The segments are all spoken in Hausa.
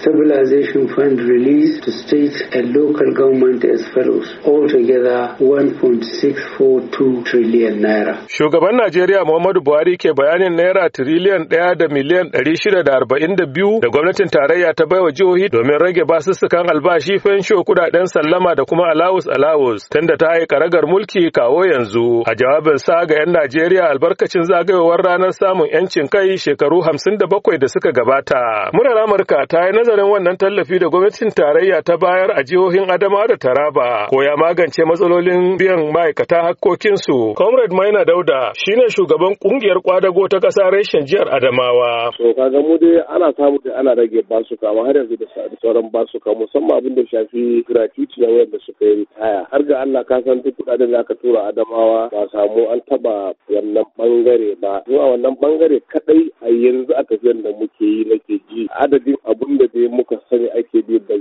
stabilization fund release to states and local government as follows altogether 1.642 trillion naira. Shugaban Najeriya Muhammadu Buhari ke bayanin naira tiriliyan ɗaya da miliyan ɗari da gwamnatin tarayya ta baiwa jihohi domin rage basussukan albashi fensho kudaden sallama da kuma alawus alawus tunda ta yi karagar mulki kawo yanzu a jawabin sa ga 'yan Najeriya albarkacin zagayowar ranar samun 'yancin kai shekaru hamsin da bakwai da suka gabata. Murar Amurka ta yi nazarin wannan tallafi da gwamnatin tarayya ta bayar a jihohin adamawa da Taraba ko ya magance matsalolin biyan ma'aikata hakkokinsu. Comrade Maina Dauda shine shugaban kungiyar kwadago ta kasa reshen jihar Adamawa. To kaga mu dai ana samu da ana rage basu amma har yanzu da sauran basu basuka musamman abin da shafi gratuity na da suka yi taya Har ga Allah ka san duk kuɗaɗen da aka tura Adamawa ba samu an taba wannan bangare ba. Zuwa wannan bangare kadai a yanzu aka tafiyar da muke yi nake ji adadin abin da sai muka sani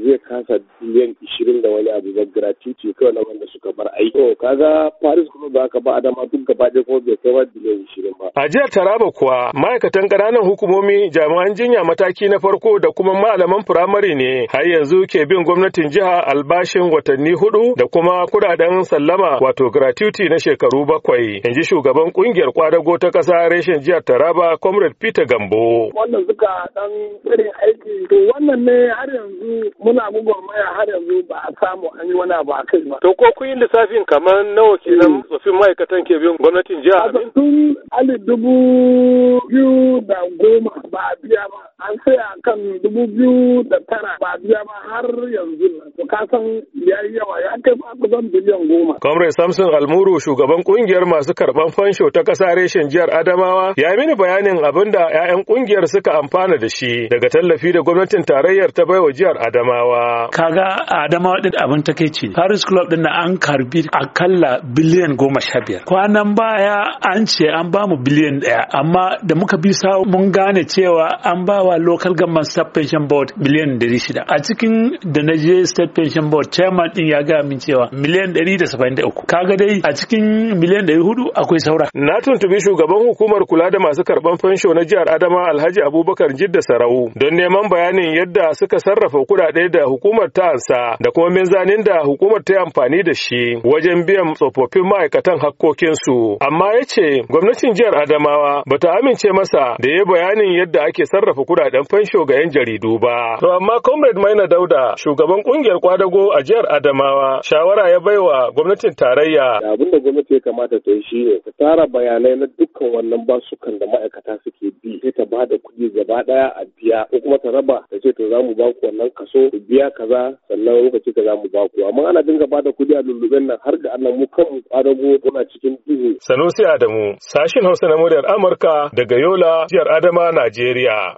zai kasa miliyan ishirin da wani abu ba gratuity kawai na wanda suka bar aiki. To kaga Paris kuma ba ka ba Adama duk gaba ɗaya kuma bai kai ba miliyan ishirin ba. A jihar Taraba kuwa ma'aikatan ƙananan hukumomi jami'an jinya mataki na farko da kuma malaman firamare ne har yanzu ke bin gwamnatin jiha albashin watanni hudu da kuma kudaden sallama wato gratuity na shekaru bakwai. In ji shugaban ƙungiyar kwadago ta ƙasa reshen jihar Taraba Comrade Peter Gambo. Wannan suka ɗan irin aiki to wannan ne har yanzu yanzu muna gwagwarmaya har yanzu ba a samu an yi wani abu a kai ba. To ko kun yi lissafin kamar nawa kenan eh. tsofin ma'aikatan ke biyun gwamnatin jiha Amin? Tun alif dubu biyu da goma ba a biya ba. An saya kan dubu biyu da tara ba a biya ba har yanzu nan. To ka san ya yi yawa ya kai ba kusan biliyan goma. Comrade Samson Almuru shugaban kungiyar masu karɓan fansho ta ƙasa reshen jihar Adamawa ya mini bayanin abin da 'ya'yan kungiyar suka amfana da shi daga tallafi da gwamnatin tarayyar ta baiwa jihar Adamawa. Kaga Adamawa din abin takeici ce. Paris Club din na an karbi akalla biliyan goma sha biyar. Kwanan baya an ce an ba mu biliyan ɗaya amma da muka bi sa mun gane cewa an ba wa local government state pension board biliyan ɗari shida. A cikin da na je state pension board chairman din ya ga min cewa miliyan ɗari da saba'in da uku. Kaga dai a cikin miliyan ɗari hudu akwai saura. Na tuntubi shugaban hukumar kula da masu karɓan fensho na jihar Adama Alhaji Abubakar Jidda Sarau don neman bayanin yadda suka sarrafa kuɗaɗe da hukumar ta ansa da kuma minzanin da hukumar ta yi amfani da shi wajen biyan tsofaffin ma'aikatan hakkokinsu. Amma yace gwamnatin jihar Adamawa ba ta amince masa da ya bayanin yadda ake sarrafa kuɗaɗen fansho ga 'yan jaridu ba. To amma Comrade Maina Dauda shugaban ƙungiyar kwadago a jihar Adamawa shawara ya baiwa gwamnatin tarayya. Abin da gwamnati ya kamata ta yi shi ne ta tara bayanai na dukkan wannan basukan da ma'aikata suke bi sai ta ba da kuɗi gaba ɗaya a biya ko kuma ta raba ta ce to za mu ba ku wannan kaso biya kaza sannan lokaci kaza mu ba ku amma ana dinga bada kuɗi a lulluben nan har ga Allah mu kan mu ƙwadago muna cikin duhu. Sanusi Adamu sashin Hausa na muryar Amurka daga Yola jihar Adama Najeriya.